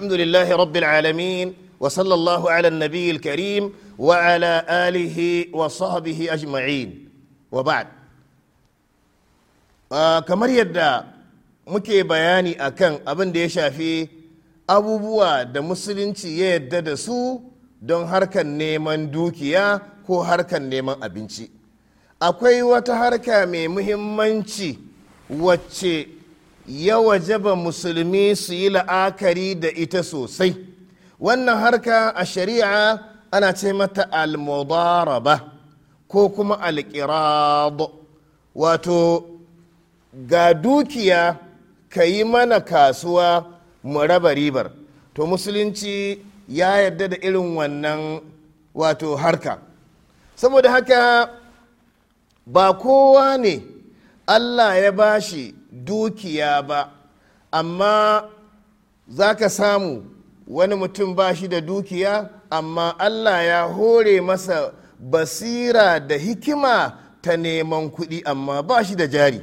الحمد لله رب العالمين وصلى الله على النبي الكريم وعلى آله وصحبه أجمعين وبعد kamar yadda muke bayani akan abin da ya shafi abubuwa da musulunci ya yadda da su don harkar neman dukiya ko harkar neman abinci akwai wata harka mai muhimmanci wacce ya wajaba musulmi su yi la'akari da ita sosai wannan harka a shari'a ana ce mata almudaraba ko kuma alƙirab wato ga dukiya ka yi mana kasuwa mu raba ribar to musulunci ya yarda da irin wannan wato harka saboda haka ba kowa ne allah ya bashi dukiya ba amma za ka samu wani mutum ba shi da dukiya amma allah ya hore masa basira da hikima ta neman kuɗi amma ba shi da jari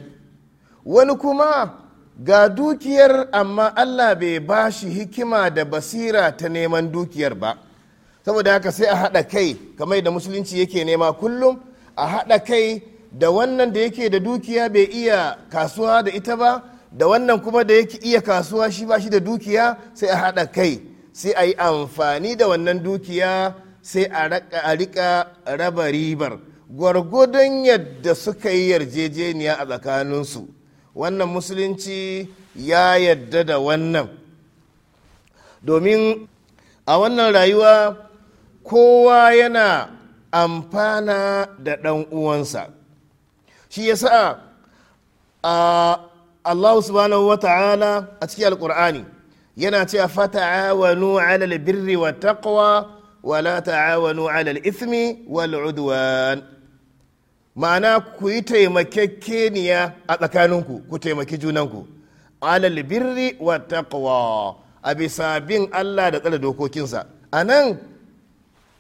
wani kuma ga dukiyar amma allah bai ba shi hikima da basira ta neman dukiyar ba saboda haka sai a haɗa kai kamar da musulunci yake nema kullum a haɗa kai da wannan da yake da dukiya bai iya kasuwa da ita ba da wannan kuma da yake iya kasuwa shi ba shi da dukiya sai a haɗa kai sai a yi amfani da wannan dukiya sai a rika raba ribar gwargwadon yadda suka yi yarjejeniya a tsakaninsu wannan musulunci ya yadda da wannan domin a wannan rayuwa kowa yana amfana da ɗan uwansa shi yasa a Allah subhanahu wa ta'ala a cikin alkur'ani yana ce cewa fata'awanu 'alal birri wa taqwa wa la ta'awanu 'alal ismi wal 'udwan ma'ana ku yi taimakekeniya a tsakaninku ku taimaki junanku alal birri wa taqwa a bisa bin Allah da tsare dokokinsa a nan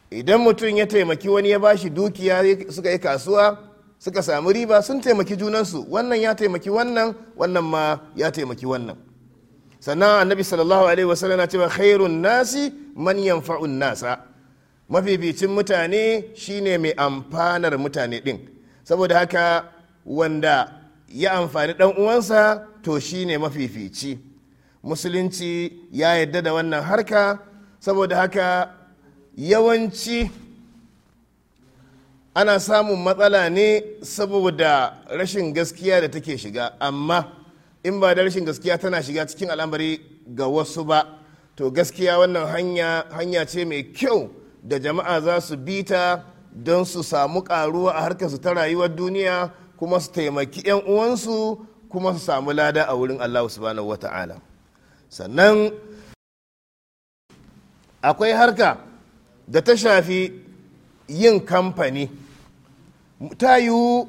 idan mutum ya taimaki wani ya bashi dukiya suka yi kasuwa suka samu riba sun taimaki junansu wannan ya taimaki wannan wannan ma ya taimaki wannan sannan annabi sallallahu alaihi wasallam yana cewa khairun nasi man yanfa'un nasa mafificin mutane shine mai amfanar mutane din saboda haka wanda ya amfani dan uwansa to shine mafifici musulunci ya yadda da wannan harka saboda haka yawanci ana samun matsala ne saboda rashin gaskiya da take shiga amma in ba da rashin gaskiya tana shiga cikin al'amari ga wasu ba to gaskiya wannan hanya hanya ce mai kyau da jama'a za su bi ta don su samu karuwa a harkar su ta rayuwar duniya kuma su taimaki 'yan uwansu kuma su samu lada a wurin allahu subhanahu wata'ala sannan akwai harka da ta shafi yin kamfani ta yiwu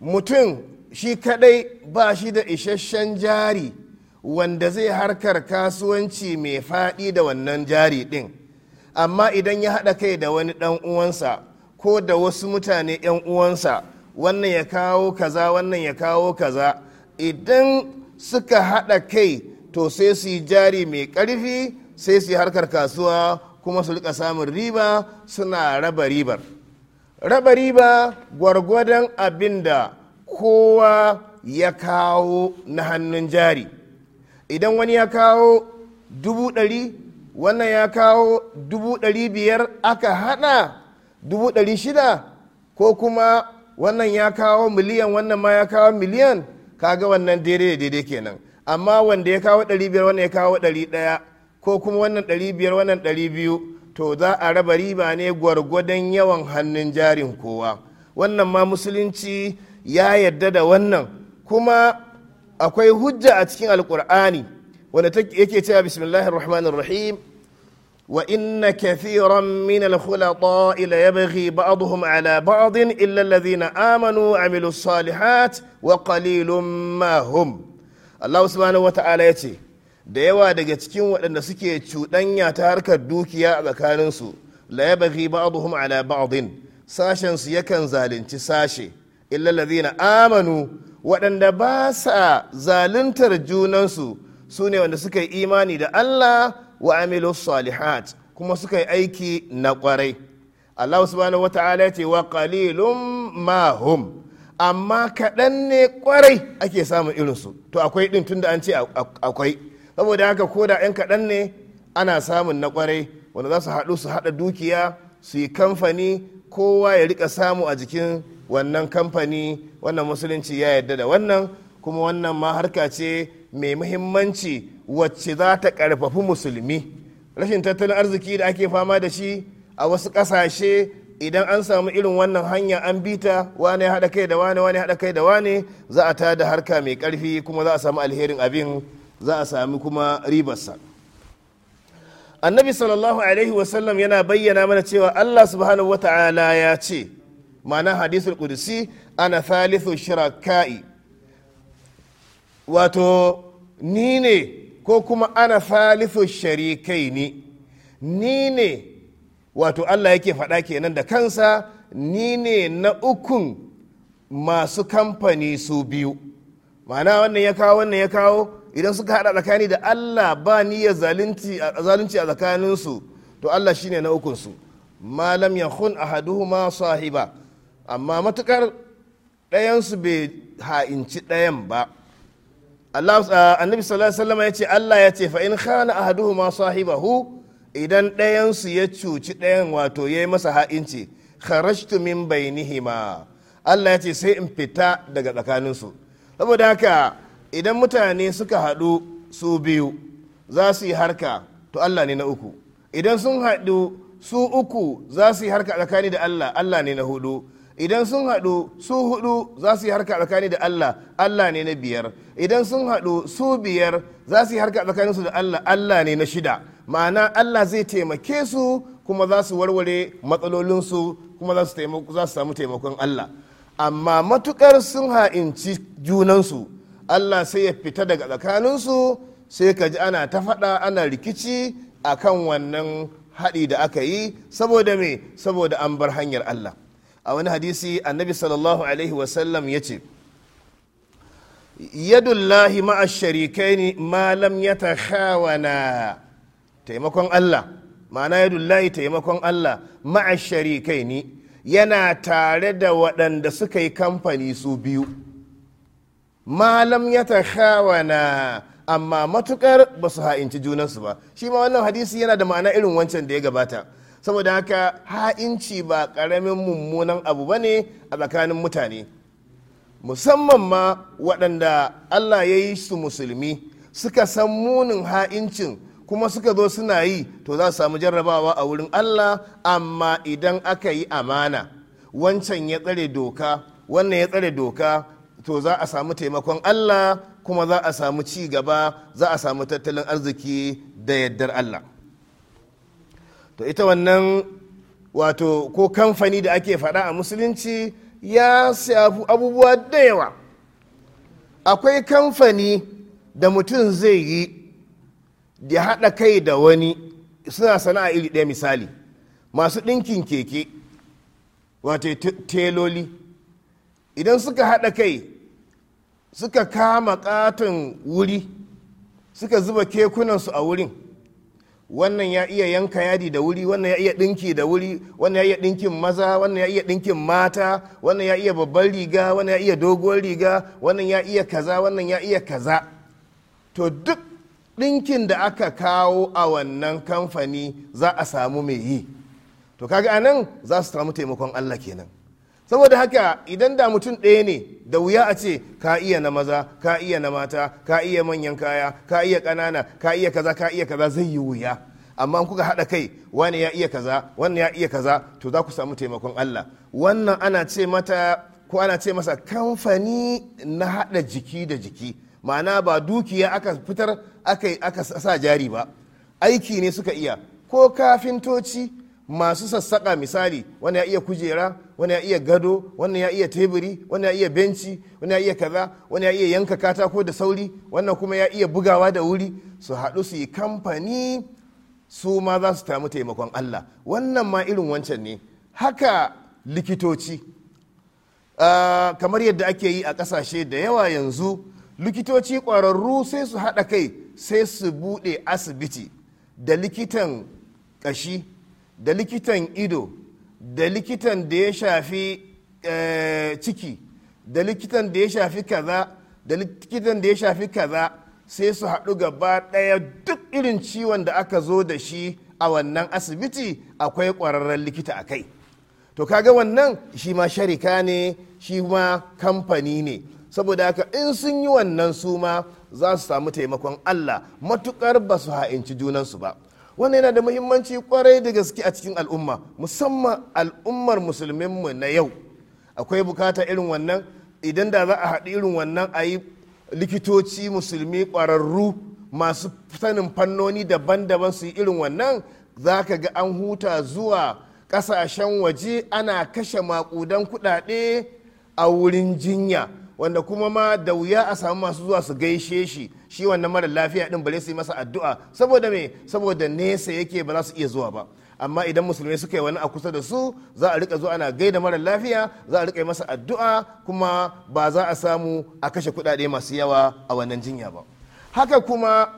mutum shi kadai ba shi da isasshen jari wanda zai harkar kasuwanci mai faɗi da wannan jari ɗin amma idan ya haɗa kai da wani ɗan uwansa ko da wasu mutane 'yan uwansa wannan ya kawo kaza wannan ya kawo kaza idan suka haɗa kai to sai su yi jari mai ƙarfi sai su yi harkar kasuwa kuma su rika samun riba suna raba ribar raba riba gwargwadon abin da kowa ya kawo na hannun jari idan wani ya kawo dubu ɗari wannan ya kawo dubu ɗari biyar aka hana dubu ɗari shida ko kuma wannan ya kawo miliyan wannan ma ya kawo miliyan kaga wannan daidai da daidai kenan amma wanda ya kawo ɗari biyar wannan ya kawo ɗari ɗaya ko kuma wannan ɗari biyar wannan ɗari biyu to za a raba riba ne gwargwadon yawan hannun jarin kowa wannan ma musulunci ya yadda da wannan kuma akwai hujja a cikin alkur'ani wanda yake cewa bismillahir rahmanir rahim wa inna kathiran min al khulata ila yabghi ba'dhum 'ala ba'd illa alladhina amanu wa 'amilus salihat wa qalilum ma hum Allah subhanahu wa ta'ala yace da yawa daga cikin waɗanda suke cuɗanya ta harkar dukiya a tsakaninsu la ya bagi ala ba'din sashen su yakan zalunci sashe illallazi na amanu waɗanda ba sa zaluntar junansu su ne wanda suka yi imani da Allah wa amilu salihat kuma suka yi aiki na kwarai Allah subhanahu wata'ala ce wa qalilum ma hum amma kaɗan ne ƙwarai ake samun irinsu to akwai ɗin tunda an ce akwai saboda haka ko da 'yan kaɗan ne ana samun na kwarai wanda za su haɗu su haɗa dukiya su yi kamfani kowa ya rika samu a jikin wannan kamfani wannan musulunci ya yarda da wannan kuma wannan ma harka ce mai muhimmanci wacce za ta ƙarfafi musulmi rashin tattalin arziki da ake fama da shi a wasu ƙasashe idan an samu irin wannan hanya an bita wane haɗa kai da wane wane haɗa kai da wane za a tada harka mai ƙarfi kuma za a samu alherin abin za a sami kuma ribarsa annabi sallallahu alaihi wasallam yana bayyana mana cewa allah subhanahu wa ta'ala ya ce ma'ana hadisul kudusi ana thalithu shiraka'i wato ni ne ko kuma ana thalithu sharikai ni ni ne wato allah yake faɗa kenan da kansa ni ne na ukun masu kamfani su biyu ma'ana wannan ya kawo wannan ya kawo idan suka hada tsakani da Allah ba niyya zalunci a tsakaninsu to Allah shine na ukunsu malam ya hun ahaduhuma sahiba amma matukar ɗayansu bai ha'inci ɗayan ba annabi sallallahu alaihi ya ce Allah ya ce fa in khana ahaduhuma hu. idan ɗayansu ya cuci ɗayan wato ya yi masa ha'inci kharashtu min bai bainihima Allah ya ce sai in fita daga tsakaninsu saboda haka idan mutane suka haɗu su biyu za su yi harka to allah ne na uku idan sun haɗu su uku za su yi harka tsakani da allah allah ne na hudu idan sun haɗu su hudu za su yi harka tsakani da Allah Allah ne na biyar idan sun haɗu su biyar za su yi harka tsakaninsu da Allah Allah ne na shida ma'ana Allah zai taimake su kuma za su warware matsalolinsu kuma za su samu taimakon Allah amma matukar sun ha'inci junansu allah sai ya fita daga tsakaninsu sai ka ji ana ta faɗa ana rikici a kan wannan haɗi da aka yi saboda me saboda an bar hanyar allah a wani hadisi annabi sallallahu alaihi wasallam ya ce yadullahi ma'a malam ya ta taimakon allah ma'ana yadullahi taimakon allah ma'a yana tare da waɗanda suka yi kamfani su biyu malam ya ta takhawana amma matukar ba su ha'inci junansu ba shi ma wannan hadisi yana da ma'ana irin wancan da ya gabata saboda haka ha'inci ba karamin mummunan abu ba ne a tsakanin mutane musamman ma waɗanda allah ya yi su musulmi suka san munin ha'incin kuma suka zo suna yi to za su samu jarrabawa a wurin allah amma idan aka yi amana wancan ya tsare doka wannan ya tsare doka to za a samu taimakon Allah kuma za a samu ci gaba za a samu tattalin arziki da yaddar Allah to ita wannan wato ko kamfani da ake faɗa a musulunci ya shafi abubuwa da yawa akwai kamfani da mutum zai yi da haɗa kai da wani suna sana'a iri ɗaya misali masu ɗinkin keke wato teloli idan suka haɗa kai suka kama katon wuri suka zuba kekunansu a wurin wannan ya iya yanka yadi da wuri wannan ya iya ɗinki da wuri wannan ya iya ɗinkin maza wannan ya iya ɗinkin mata wannan ya iya babban riga wannan ya iya doguwar riga wannan ya iya kaza wannan ya iya kaza to duk ɗinkin da aka kawo a wannan kamfani za a samu mai yi to kaga anan za su samu taimakon allah kenan saboda haka idan da mutum ɗaya ne da wuya a ce ka iya na maza ka iya na mata ka iya manyan kaya ka iya ƙanana ka iya kaza ka iya kaza zai yi wuya amma kuka haɗa kai wani ya iya kaza wani ya iya kaza to za ku samu taimakon Allah wannan ana ce mata ko ana ce masa kamfani na haɗa jiki da jiki ma'ana ba dukiya aka fitar aka sa jari ba aiki ne suka iya ko kafintoci masu sassaƙa misali wani ya iya kujera wani ya iya gado wani ya iya teburi wani ya iya benci wani ya iya kaza wani ya iya yanka katako da sauri wannan kuma ya iya bugawa da wuri su haɗu su yi kamfani su ma za su tamu taimakon allah wannan ma irin wancan ne haka likitoci ah, kamar yadda ake yi a ƙasashe da yawa yanzu likitoci ƙwararru sai su haɗa kai sai su buɗe asibiti da likitan ƙashi da likitan ido da likitan da ya shafi eh, ciki da likitan da ya shafi kaza da likitan da ya shafi kaza sai su haɗu gaba ɗaya duk irin ciwon da aka zo da shi a wannan asibiti akwai ƙwararren likita a kai to kaga wannan shi ma sharika ne shi ma kamfani ne saboda haka in sun yi wannan suma ma za su samu taimakon allah matukar ba su ha'inci junansu ba wannan yana da muhimmanci kwarai da gaske a cikin al'umma musamman al'ummar musulminmu na yau akwai bukata irin wannan idan da za a haɗi irin wannan a yi likitoci musulmi ƙwararru masu sanin fannoni daban-daban su yi irin wannan za ka ga an huta zuwa ƙasashen waje ana kashe maƙudan kuɗaɗe a wurin jinya wanda kuma ma da wuya a samu masu zuwa su gaishe shi shi wannan mara lafiya din bare su yi masa addu'a saboda me saboda nesa yake ba za su iya zuwa ba amma idan musulmai suka yi wani a kusa da su za a rika zuwa ana gaida mara lafiya za a rika yi masa addu'a kuma ba za a samu a kashe kuɗaɗe masu yawa a wannan jinya ba haka kuma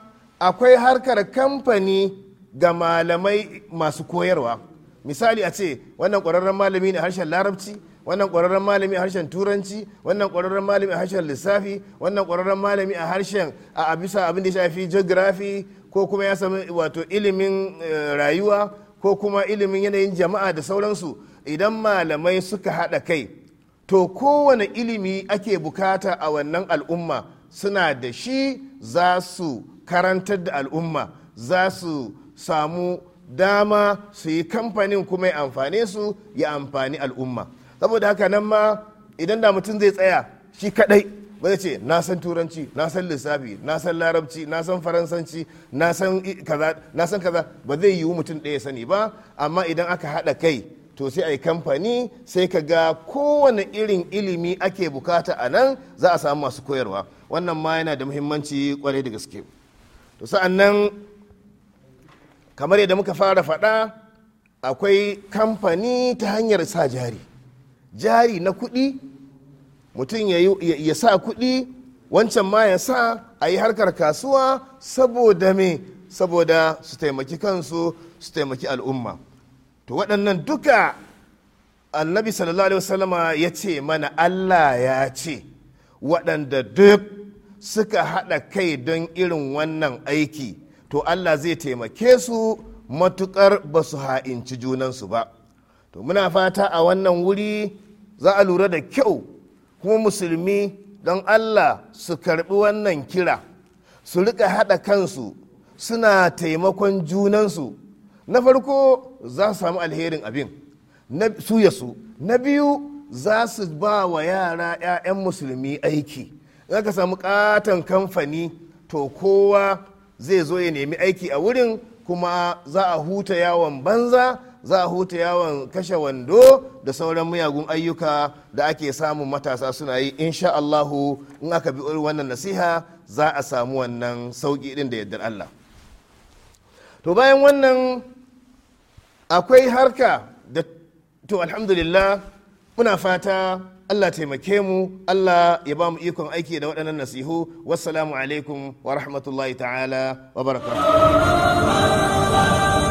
akwai harkar kamfani ga malamai masu koyarwa misali a ce wannan ƙwararren malami ne harshen larabci wannan ƙwararren malami a harshen turanci wannan ƙwararren malami a harshen lissafi wannan ƙwararren malami a harshen a abisa abin da ya shafi geography ko kuma ya samu wato ilimin eh, rayuwa ko kuma ilimin yanayin jama'a da sauransu idan malamai suka haɗa kai to kowane ilimi ake bukata a wannan al'umma suna da shi za su karantar da al'umma za su samu dama su yi kamfanin kuma ya amfane su ya amfani al'umma saboda haka nan ma idan da mutum zai tsaya shi kadai ba zai ce na san turanci na san lissafi na san larabci na san faransanci na san kaza ba zai yiwu mutum ɗaya sani ba amma idan aka haɗa kai to sai a yi kamfani sai ka ga kowane irin ilimi ake bukata a nan za a samu masu koyarwa wannan ma yana da muhimmanci kwarai da gaske to sa'an nan kamar yadda muka fara faɗa akwai kamfani ta hanyar sa jari jari na kuɗi mutum ya sa kuɗi wancan ma ya sa a yi harkar kasuwa saboda me saboda su taimaki kansu su taimaki al'umma to waɗannan duka annabi sallallahu alaihi wasallama ya ce mana allah ya ce waɗanda duk suka haɗa kai don irin wannan aiki to allah zai taimake su matuƙar ba su ha'inci junansu ba to muna fata a wannan wuri za a lura da kyau kuma musulmi don allah su karbi wannan kira su rika haɗa kansu suna taimakon junansu na farko za su samu alherin abin su ya su na biyu za su ba wa yara 'ya'yan musulmi aiki in aka samu katon kamfani to kowa zai zo ya nemi aiki a wurin kuma za a huta yawon banza za a huta yawon kashe wando da sauran miyagun ayyuka da ake samun matasa suna yi insha Allahu in aka bi wannan nasiha za a samu wannan sauki din da yardar Allah to bayan wannan akwai harka da to alhamdulillah muna fata Allah taimake mu Allah ya ba mu ikon aiki da waɗannan nasihu wassalamu alaikum wa rahmatullahi ta'ala wa barakatuh